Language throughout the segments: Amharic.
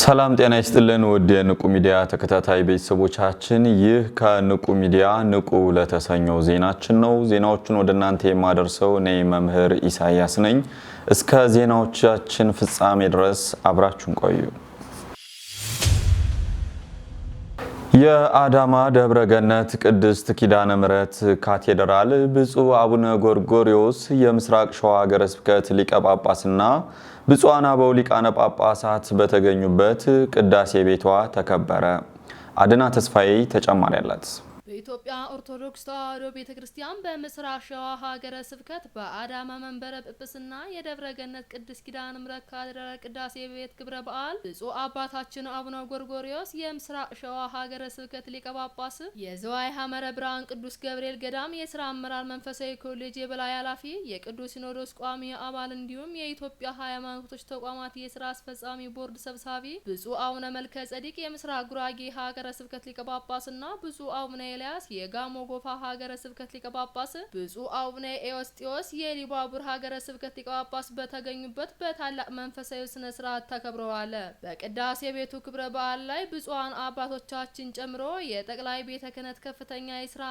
ሰላም ጤና ይስጥልን። ውድ የንቁ ሚዲያ ተከታታይ ቤተሰቦቻችን ይህ ከንቁ ሚዲያ ንቁ ለተሰኘው ዜናችን ነው። ዜናዎቹን ወደ እናንተ የማደርሰው እኔ መምህር ኢሳያስ ነኝ። እስከ ዜናዎቻችን ፍጻሜ ድረስ አብራችሁን ቆዩ። የአዳማ ደብረ ገነት ቅድስት ኪዳነ ምሕረት ካቴድራል ብፁዕ አቡነ ጎርጎሪዎስ የምስራቅ ሸዋ ሀገረ ስብከት ሊቀ ጳጳስና ብፁዓን አበው ሊቃነ ጳጳሳት በተገኙበት ቅዳሴ ቤቷ ተከበረ። አድና ተስፋዬ ተጨማሪ አላት። በኢትዮጵያ ኦርቶዶክስ ተዋሕዶ ቤተ ክርስቲያን በምስራቅ ሸዋ ሀገረ ስብከት በአዳማ መንበረ ጵጵስና የደብረ ገነት ቅድስት ኪዳን ምሕረት ካቴድራል ቅዳሴ ቤት ክብረ በዓል ብፁዕ አባታችን አቡነ ጎርጎሪዮስ የምስራቅ ሸዋ ሀገረ ስብከት ሊቀ ጳጳስ፣ የዘዋይ ሐመረ ብርሃን ቅዱስ ገብርኤል ገዳም የስራ አመራር መንፈሳዊ ኮሌጅ የበላይ ኃላፊ፣ የቅዱስ ሲኖዶስ ቋሚ አባል እንዲሁም የኢትዮጵያ ሃይማኖቶች ተቋማት የስራ አስፈጻሚ ቦርድ ሰብሳቢ ብፁዕ አቡነ መልከ ጸዲቅ የምስራቅ ጉራጌ ሀገረ ስብከት ሊቀ ጳጳስና ብፁዕ አቡነ ኤልያስ የጋሞ ጎፋ ሀገረ ስብከት ሊቀ ጳጳስ፣ ብፁዕ አቡነ ኤዎስጢዮስ የሊባቡር ሀገረ ስብከት ሊቀ ጳጳስ በተገኙበት በታላቅ መንፈሳዊ ስነ ስርዓት ተከብረዋል። በቅዳሴ ቤቱ ክብረ በዓል ላይ ብፁዓን አባቶቻችን ጨምሮ የጠቅላይ ቤተ ክህነት ከፍተኛ የስራ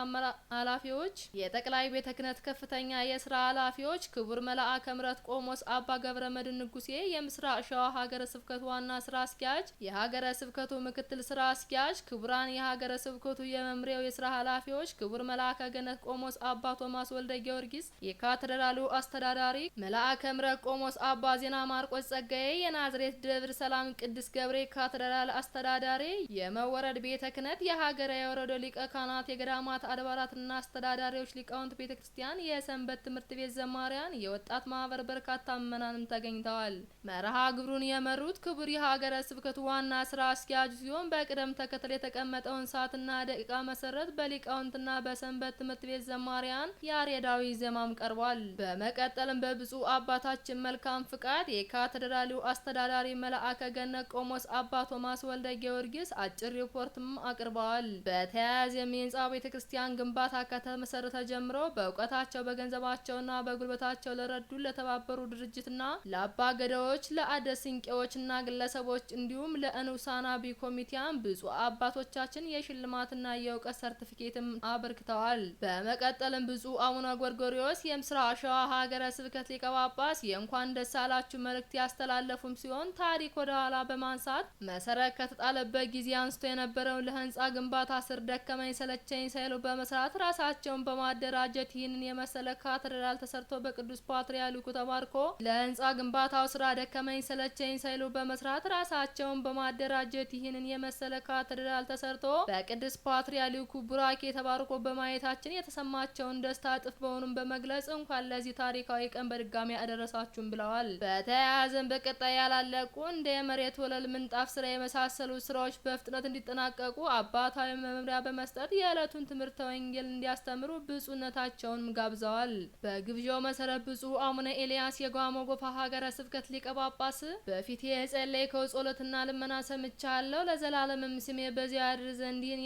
ኃላፊዎች የጠቅላይ ቤተ ክህነት ከፍተኛ የስራ ኃላፊዎች ክቡር መልአከ ምሕረት ቆሞስ አባ ገብረ መድን ንጉሴ የምስራቅ ሸዋ ሀገረ ስብከት ዋና ስራ አስኪያጅ፣ የሀገረ ስብከቱ ምክትል ስራ አስኪያጅ፣ ክቡራን የሀገረ ስብከቱ የመምሪያው የስራ ስራ ኃላፊዎች፣ ክቡር መልአከ ገነት ቆሞስ አባ ቶማስ ወልደ ጊዮርጊስ የካቴድራሉ አስተዳዳሪ፣ መልአከ ምሕረት ቆሞስ አባ ዜና ማርቆስ ጸጋዬ የናዝሬት ደብር ሰላም ቅዱስ ገብርኤል ካቴድራል አስተዳዳሪ፣ የመወረድ ቤተ ክህነት የሀገረ የወረዶ ሊቀ ካህናት፣ የገዳማት አድባራትና አስተዳዳሪዎች፣ ሊቃውንት ቤተ ክርስቲያን፣ የሰንበት ትምህርት ቤት ዘማሪያን፣ የወጣት ማህበር በርካታ ምእመናንም ተገኝተዋል። መርሃ ግብሩን የመሩት ክቡር የሀገረ ስብከቱ ዋና ስራ አስኪያጅ ሲሆን በቅደም ተከተል የተቀመጠውን ሰዓትና ደቂቃ መሰረት በሊቃውንትና በሰንበት ትምህርት ቤት ዘማሪያን ያሬዳዊ ዜማም ቀርቧል። በመቀጠልም በብፁዕ አባታችን መልካም ፍቃድ የካቴድራሉ አስተዳዳሪ መልአከ ገነት ቆሞስ አባ ቶማስ ወልደ ጊዮርጊስ አጭር ሪፖርትም አቅርበዋል። በተያያዘ የህንጻው ቤተ ክርስቲያን ግንባታ ከተመሰረተ ጀምሮ በእውቀታቸው በገንዘባቸውና በጉልበታቸው ለረዱ ለተባበሩ ድርጅትና ለአባ ገዳዎች ለአደ ስንቄዎችና ግለሰቦች እንዲሁም ለእንሳና ቢ ኮሚቴያን ብፁዕ አባቶቻችን የሽልማትና የእውቀት ሰርት ሰርቲፊኬትም አበርክተዋል። በመቀጠልም ብፁዕ አቡነ ጎርጎሪዎስ የምስራ ሸዋ ሀገረ ስብከት ሊቀ ጳጳስ የእንኳን ደስ አላችሁ መልእክት ያስተላለፉም ሲሆን ታሪክ ወደ ኋላ በማንሳት መሰረት ከተጣለበት ጊዜ አንስቶ የነበረውን ለህንፃ ግንባታ ስር ደከመኝ ሰለቸኝ ሳይሉ በመስራት ራሳቸውን በማደራጀት ይህንን የመሰለ ካቴድራል ተሰርቶ በቅዱስ ፓትርያርኩ ተባርኮ ለህንፃ ግንባታው ስራ ደከመኝ ሰለቸኝ ሳይሉ በመስራት ራሳቸውን በማደራጀት ይህንን የመሰለ ካቴድራል ተሰርቶ በቅዱስ ፓትርያርኩ ቡራኬ ተባርኮ በማየታችን የተሰማቸውን ደስታ እጥፍ በሆኑም በመግለጽ እንኳን ለዚህ ታሪካዊ ቀን በድጋሚ አደረሳችሁም ብለዋል። በተያያዘም በቀጣይ ያላለቁ እንደ የመሬት ወለል ምንጣፍ ስራ የመሳሰሉ ስራዎች በፍጥነት እንዲጠናቀቁ አባታዊ መምሪያ በመስጠት የዕለቱን ትምህርተ ወንጌል እንዲያስተምሩ ብፁዕነታቸውንም ጋብዘዋል። በግብዣው መሰረት ብፁዕ አቡነ ኤልያስ የጓሞ ጎፋ ሀገረ ስብከት ሊቀ ጳጳስ በፊት የጸለይከው ጸሎትና ልመና ሰምቻለሁ፣ ለዘላለምም ስሜ በዚያ ያድር ዘንድ ይህን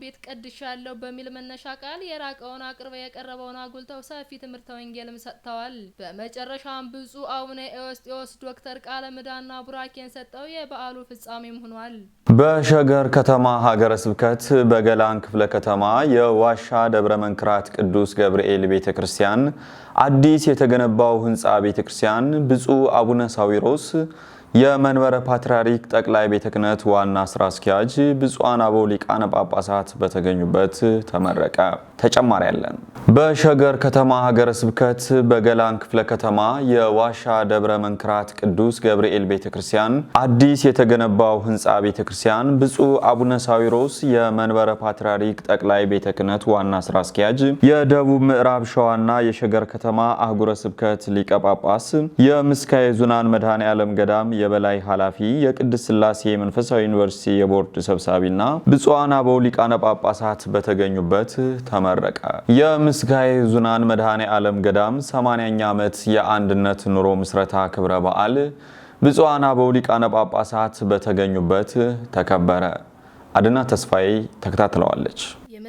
ቤት ቀድሽ ተጠቅሻለሁ በሚል መነሻ ቃል የራቀውን አቅርበ የቀረበውን አጉልተው ሰፊ ትምህርተ ወንጌልም ሰጥተዋል። በመጨረሻም ብፁዕ አቡነ ኤዎስጢዎስ ዶክተር ቃለ ምዕዳንና ቡራኬን ሰጠው የበዓሉ ፍጻሜም ሆኗል። በሸገር ከተማ ሀገረ ስብከት በገላን ክፍለ ከተማ የዋሻ ደብረ መንክራት ቅዱስ ገብርኤል ቤተ ክርስቲያን አዲስ የተገነባው ህንፃ ቤተ ክርስቲያን ብፁዕ አቡነ ሳዊሮስ የመንበረ ፓትርያርክ ጠቅላይ ቤተ ክህነት ዋና ስራ አስኪያጅ ብፁዓን አበው ሊቃነ ጳጳሳት በተገኙበት ተመረቀ። ተጨማሪ ያለን በሸገር ከተማ ሀገረ ስብከት በገላን ክፍለ ከተማ የዋሻ ደብረ መንክራት ቅዱስ ገብርኤል ቤተ ክርስቲያን አዲስ የተገነባው ህንፃ ቤተ ክርስቲያን ብፁዕ አቡነ ሳዊሮስ የመንበረ ፓትርያርክ ጠቅላይ ቤተ ክህነት ዋና ስራ አስኪያጅ፣ የደቡብ ምዕራብ ሸዋና የሸገር ከተማ አህጉረ ስብከት ሊቀ ጳጳስ፣ የምስካየ ኅዙናን መድኃኔ ዓለም ገዳም የበላይ ኃላፊ፣ የቅድስት ስላሴ መንፈሳዊ ዩኒቨርሲቲ የቦርድ ሰብሳቢና ብፁዓን አበው ሊቃነ ጳጳሳት በተገኙበት ተመረቀ። የምስጋይ ዙናን መድኃኔ ዓለም ገዳም 80ኛ ዓመት የአንድነት ኑሮ ምስረታ ክብረ በዓል ብፁዓን አበው ሊቃነ ጳጳሳት በተገኙበት ተከበረ። አድና ተስፋዬ ተከታትለዋለች።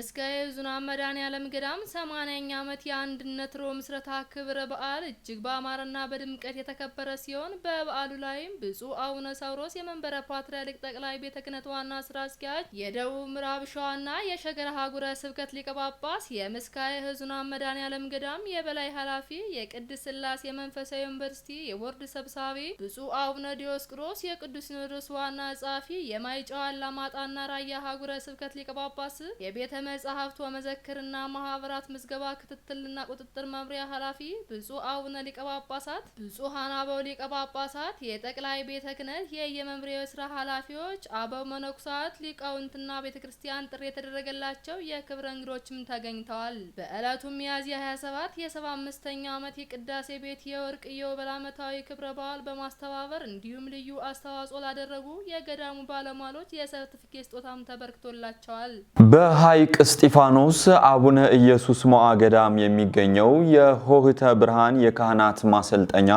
የመስጋዬ ብዙኃን መድኃኔዓለም ገዳም ሰማንያኛ ዓመት የአንድነት ሮ ምስረታ ክብረ በዓል እጅግ በአማረና በድምቀት የተከበረ ሲሆን በበዓሉ ላይም ብፁዕ አቡነ ሳውሮስ የመንበረ ፓትርያርክ ጠቅላይ ቤተ ክህነት ዋና ስራ አስኪያጅ፣ የደቡብ ምዕራብ ሸዋና የሸገር ሀገረ ስብከት ሊቀ ጳጳስ፣ የመስጋዬ ብዙኃን መድኃኔዓለም ገዳም የበላይ ኃላፊ፣ የቅድስት ሥላሴ መንፈሳዊ ዩኒቨርሲቲ የቦርድ ሰብሳቢ ብፁዕ አቡነ ዲዮስቆሮስ የቅዱስ ሲኖዶስ ዋና ጸሐፊ፣ የማይጨው አላማጣና ራያ ሀገረ ስብከት ሊቀ ጳጳስ የቤተ መጻሕፍት ወመዘክርና ማህበራት ምዝገባ ክትትልና ቁጥጥር መምሪያ ኃላፊ ብፁዕ አቡነ ሊቀ ጳጳሳት፣ ብፁዓን አበው ሊቀ ጳጳሳት፣ የጠቅላይ ቤተ ክህነት የየመምሪያው ስራ ኃላፊዎች፣ አበው መነኩሳት፣ ሊቃውንትና ቤተ ክርስቲያን ጥሪ የተደረገላቸው የክብረ እንግዶችም ተገኝተዋል። በዕለቱም ሚያዝያ 27 የ75ኛው ዓመት የቅዳሴ ቤት የወርቅ የወበል ዓመታዊ ክብረ በዓል በማስተባበር እንዲሁም ልዩ አስተዋጽኦ ላደረጉ የገዳሙ ባለሟሎች የሰርቲፊኬት ስጦታም ተበርክቶላቸዋል። በሀይቅ እስጢፋኖስ አቡነ ኢየሱስ ሞዓ ገዳም የሚገኘው የሆህተ ብርሃን የካህናት ማሰልጠኛ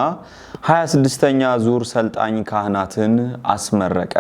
26ኛ ዙር ሰልጣኝ ካህናትን አስመረቀ።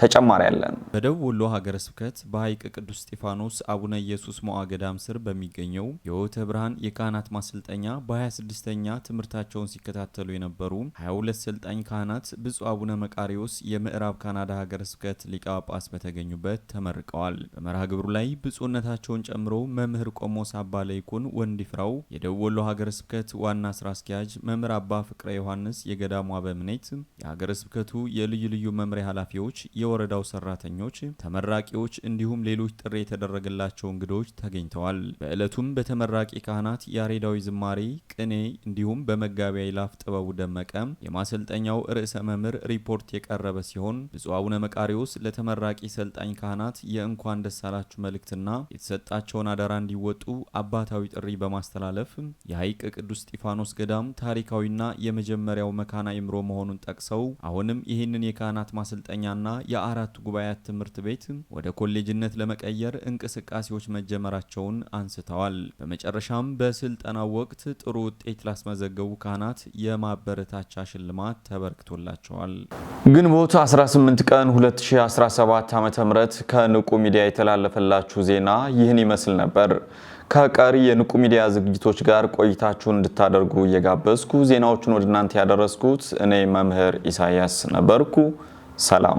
ተጨማሪ ያለን በደቡብ ወሎ ሀገረ ስብከት በሀይቅ ቅዱስ እስጢፋኖስ አቡነ ኢየሱስ ሞዓ ገዳም ስር በሚገኘው የወተ ብርሃን የካህናት ማሰልጠኛ በ26ኛ ትምህርታቸውን ሲከታተሉ የነበሩ 22 ሰልጣኝ ካህናት ብፁዕ አቡነ መቃሪዎስ የምዕራብ ካናዳ ሀገረ ስብከት ሊቀ ጳጳስ በተገኙበት ተመርቀዋል። በመርሃ ግብሩ ላይ ብፁዕነታቸውን ጨምሮ መምህር ቆሞስ አባ ለይኩን ወንዲፍራው የደቡብ ወሎ ሀገረ ስብከት ዋና ስራ አስኪያጅ፣ መምህር አባ ፍቅረ ዮሐንስ የገዳሙ አበምኔት፣ የሀገረ ስብከቱ የልዩ ልዩ መምሪያ ኃላፊዎች የወረዳው ሰራተኞች፣ ተመራቂዎች እንዲሁም ሌሎች ጥሪ የተደረገላቸው እንግዶች ተገኝተዋል። በዕለቱም በተመራቂ ካህናት ያሬዳዊ ዝማሬ፣ ቅኔ እንዲሁም በመጋቢ ይላፍ ጥበቡ ደመቀ የማሰልጠኛው ርዕሰ መምህር ሪፖርት የቀረበ ሲሆን ብፁዕ አቡነ መቃሪዎስ ለተመራቂ ሰልጣኝ ካህናት የእንኳን ደስ አላችሁ መልእክትና የተሰጣቸውን አደራ እንዲወጡ አባታዊ ጥሪ በማስተላለፍ የሐይቅ ቅዱስ እስጢፋኖስ ገዳም ታሪካዊና የመጀመሪያው መካና አእምሮ መሆኑን ጠቅሰው አሁንም ይህንን የካህናት ማሰልጠኛና የአራት ጉባኤያት ትምህርት ቤት ወደ ኮሌጅነት ለመቀየር እንቅስቃሴዎች መጀመራቸውን አንስተዋል። በመጨረሻም በስልጠናው ወቅት ጥሩ ውጤት ላስመዘገቡ ካህናት የማበረታቻ ሽልማት ተበርክቶላቸዋል። ግንቦት 18 ቀን 2017 ዓ.ም ከንቁ ሚዲያ የተላለፈላችሁ ዜና ይህን ይመስል ነበር። ከቀሪ የንቁ ሚዲያ ዝግጅቶች ጋር ቆይታችሁን እንድታደርጉ እየጋበዝኩ ዜናዎቹን ወደ እናንተ ያደረስኩት እኔ መምህር ኢሳያስ ነበርኩ። ሰላም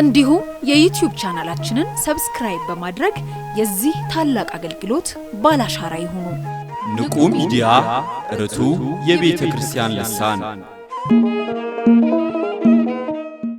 እንዲሁም የዩትዩብ ቻናላችንን ሰብስክራይብ በማድረግ የዚህ ታላቅ አገልግሎት ባላሻራ ይሁኑ። ንቁ ሚዲያ ርቱ የቤተ ክርስቲያን ልሳን